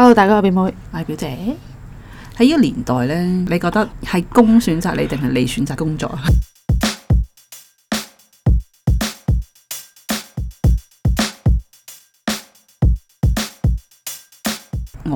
hello，大家好，我係表妹，我係表姐。喺呢個年代呢，你覺得係工選擇你定係你選擇工作啊？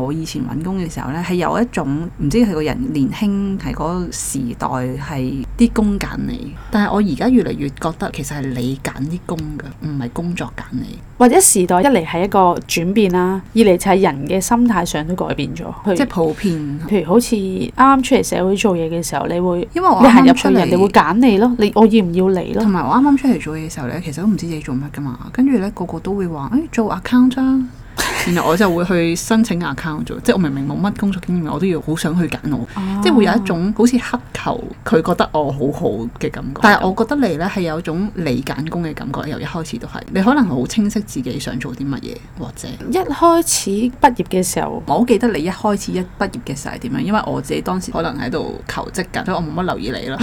我以前揾工嘅時候呢，係有一種唔知係個人年輕係嗰個時代係啲工揀你。但係我而家越嚟越覺得其實係你揀啲工噶，唔係工作揀你。或者時代一嚟係一個轉變啦，二嚟就係人嘅心態上都改變咗，即係普遍。譬如好似啱啱出嚟社會做嘢嘅時候，你會因為我啱啱出嚟，你會揀你咯，你我要唔要你咯？同埋我啱啱出嚟做嘢嘅時候呢，其實都唔知自己做乜噶嘛，跟住呢，個個都會話誒、哎、做 account 啊。然後我就會去申請 account 做，即係我明明冇乜工作經驗，我都要好想去揀我，即係會有一種好似乞求佢覺得我好好嘅感覺。但係我覺得你呢係有一種你揀工嘅感覺，由一開始都係你可能好清晰自己想做啲乜嘢，或者一開始畢業嘅時候，我好記得你一開始一畢業嘅時候係點樣，因為我自己當時可能喺度求職緊，所以我冇乜留意你咯。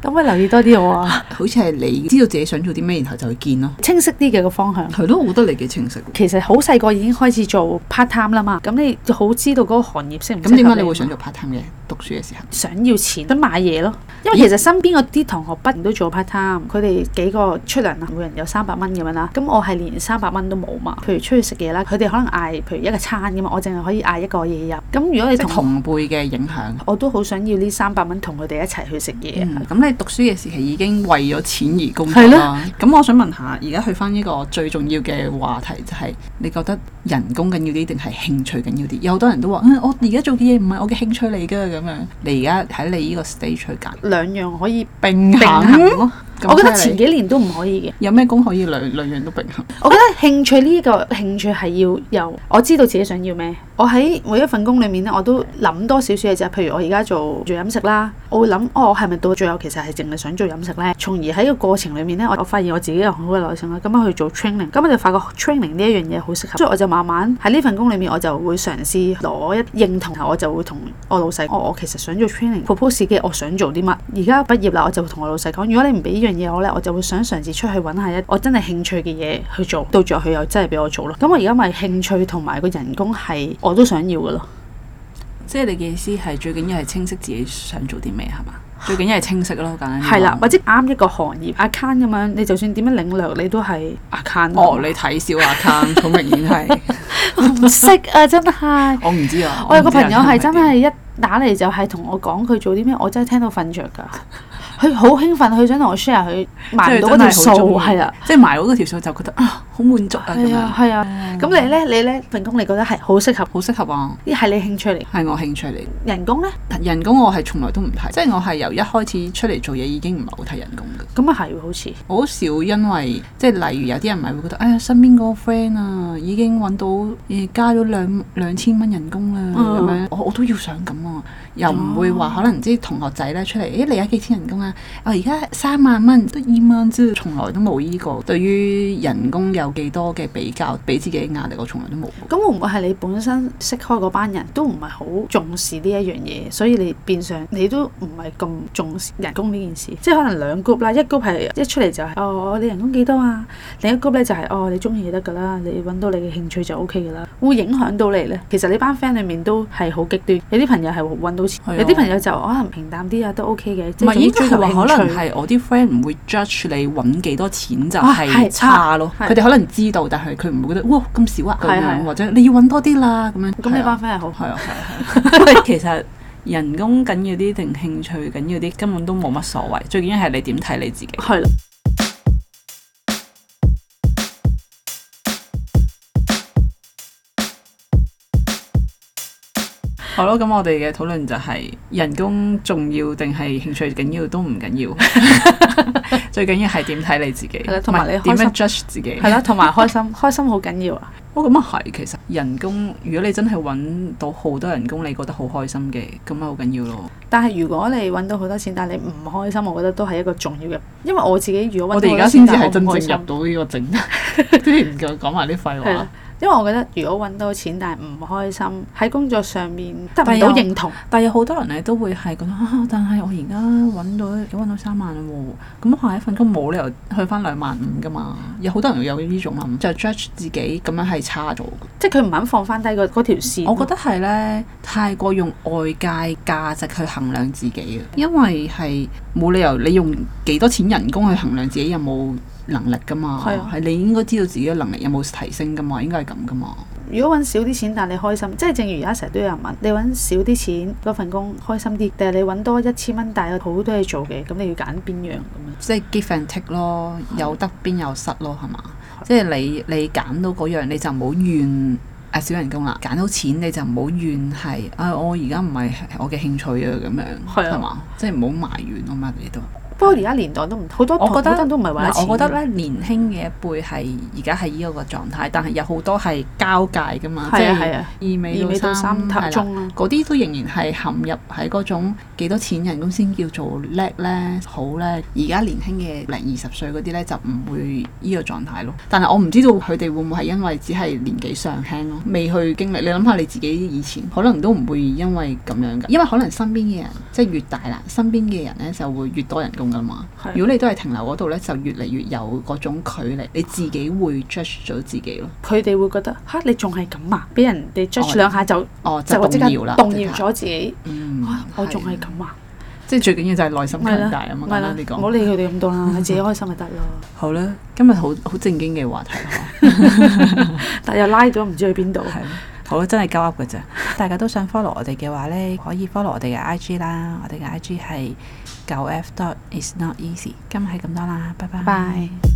咁咪留意多啲我啊！好似係你知道自己想做啲咩，然後就去見咯，清晰啲嘅個方向係咯，我覺得你幾清晰。其實好細個。已經開始做 part time 啦嘛，咁、嗯、你就好知道嗰個行業識唔識開？咁點解你會想做 part time 嘅？讀書嘅時候，想要錢想買嘢咯，因為其實身邊嗰啲同學不嬲咦都做 part time，佢哋幾個出糧啦，每人有三百蚊咁樣啦，咁我係連三百蚊都冇嘛。譬如出去食嘢啦，佢哋可能嗌譬如一個餐咁啊，我淨係可以嗌一個嘢飲。咁如果你同同輩嘅影響，我都好想要呢三百蚊同佢哋一齊去食嘢啊。咁、嗯、你讀書嘅時期已經為咗錢而工作啦。咁、啊、我想問下，而家去翻呢個最重要嘅話題，就係、是、你覺得。.人工緊要啲定係興趣緊要啲？有好多人都話，嗯，我而家做嘅嘢唔係我嘅興趣嚟㗎，咁樣。你而家喺你呢個 stage 去揀兩樣可以並行。並行。我覺得前幾年都唔可以嘅。有咩工可以兩兩樣都平衡？我覺得興趣呢、呢個興趣係要有我知道自己想要咩。我喺每一份工裡面咧，我都諗多少少嘢啫。譬如我而家做做飲食啦，我會諗哦，我係咪到最後其實係淨係想做飲食咧？從而喺個過程裡面咧，我我發現我自己有好嘅耐性啦。咁樣去做 training，咁我就發覺 training 呢一樣嘢好適合，所以我就慢慢喺呢份工裡面，我就會嘗試攞一認同，我就會同我老細哦，我其實想做 training。proposal 嘅我想做啲乜？而家畢業啦，我就會同我老細講，如果你唔俾呢樣。嘢我咧，我就會想嘗試出去揾下一我真係興趣嘅嘢去做，到咗佢又真係俾我做咯。咁我而家咪興趣同埋個人工係我都想要嘅咯。即係你嘅意思係最緊要係清晰自己想做啲咩係嘛？最緊要係清晰咯，簡單。係啦，或者啱一個行業 account 咁樣，你就算點樣領略，你都係 account 哦，吧你睇小 account 好明顯係。 我唔識啊，真係。我唔知啊。我有個朋友係真係一打嚟就係同我講佢做啲咩，我真係聽到瞓着噶。 佢好興奮，佢想同我 share 佢埋到嗰條數，係啊，即係埋到嗰條數就覺得啊好滿足啊咁樣。係啊，咁你咧，你咧份工，你覺得係好適合，好適合啊？係你興趣嚟，係我興趣嚟。人工咧？人工我係從來都唔睇，即係我係由一開始出嚟做嘢已經唔係好睇人工嘅。咁啊係喎，好似我好少因為即係例如有啲人咪會覺得，哎呀身邊嗰個 friend 啊已經揾到加咗兩兩千蚊人工啦咁樣，我我都要想咁喎，又唔會話可能啲同學仔咧出嚟，誒你有幾千人工啊？我而家三萬蚊得二蚊，即從來都冇依、呢個。對於人工有幾多嘅比較，俾自己壓力我從來都冇。咁會唔會係你本身識開嗰班人都唔係好重視呢一樣嘢，所以你變相你都唔係咁重視人工呢件事？即係可能兩 group 啦，一 group 係一出嚟就係、是、哦，你人工幾多啊？另一 group 咧就係、是、哦，你中意得㗎啦，你揾到你嘅興趣就 O K 㗎啦，會影響到你咧。其實你班 friend 裡面都係好極端，有啲朋友係揾到錢，的有啲朋友就可能、哦、平淡啲啊都 O K 嘅，佢話可能係我啲 friend 唔會 judge 你揾幾多錢就係差咯，佢哋、啊啊、可能知道，但係佢唔會覺得哇咁少啊咁樣，是是或者你要揾多啲啦咁樣。咁你班 friend 係好係啊係啊係。啊啊 其實人工緊要啲定興趣緊要啲，根本都冇乜所謂。最緊要係你點睇你自己。係啦、啊。好咯，咁我哋嘅討論就係、是、人工重要定係興趣緊要都唔緊要，要 最緊要係點睇你自己，同埋的是你點樣 judge 自己，係啦，同埋開心， 開心好緊要啊！哦，咁啊係，其實人工如果你真係搵到好多人工，你覺得好開心嘅，咁啊好緊要咯。但係如果你搵到好多錢，但係你唔開心，我覺得都係一個重要嘅，因為我自己如果搵到我哋而家先至係真正入到呢個正，唔夠講埋啲廢話。因為我覺得，如果揾到錢但係唔開心，喺工作上面得唔到有認同，但有好多人咧都會係覺得，啊、但係我而家揾到，我揾到三萬啦喎，咁下一份工冇理由去翻兩萬五噶嘛。有好多人會有呢種諗，就係、judge 自己咁樣係差咗，即係佢唔肯放翻低個嗰條線、啊。我覺得係呢，太過用外界價值去衡量自己，因為係冇理由你用幾多錢人工去衡量自己有冇？能力噶嘛，係、啊、你應該知道自己嘅能力有冇提升噶嘛，應該係咁噶嘛。如果揾少啲錢，但係你開心，即係正如而家成日都有人問，你揾少啲錢嗰份工開心啲，定係你揾多一千蚊，但係好多嘢做嘅，咁你要揀邊樣咁啊？即係 give and take 咯，有得邊有失咯，係嘛、啊？即係你你揀到嗰樣你就唔好怨啊小人工啦，揀到錢你就唔好怨係啊我而家唔係我嘅興趣啊咁樣，係嘛、啊？即係唔好埋怨啊嘛，你都。不過而家年代都唔同，好多，我覺得都唔係為錢。我覺得咧年輕嘅一輩係而家係依個狀態，但係有好多係交界噶嘛，的即係二尾到三塔鐘嗰啲都仍然係陷入喺嗰種幾多錢人工先叫做叻咧好咧？而家年輕嘅零二十歲嗰啲咧就唔會依個狀態咯。但係我唔知道佢哋會唔會係因為只係年紀尚輕咯，未去經歷。你諗下你自己以前，可能都唔會因為咁樣㗎。因為可能身邊嘅人即係越大啦，身邊嘅人咧就會越多人如果你都係停留嗰度咧，就越嚟越有嗰種距離，你自己會 judge 咗自己咯。佢哋會覺得吓，你仲係咁啊，俾人哋 judge 兩下就哦，就即刻動搖咗自己。嗯，我仲係咁啊，即係最緊要就係內心強大啊嘛。你講，唔好理佢哋咁多啦，自己開心咪得咯。好啦，今日好好正經嘅話題，但又拉咗唔知去邊度。好，真係鳩噏嘅啫。大家都想 follow 我哋嘅話咧，可以 follow 我哋嘅 IG 啦。我哋嘅 IG 係 9fdotisnoteasy。今日係咁多啦，拜拜。Bye.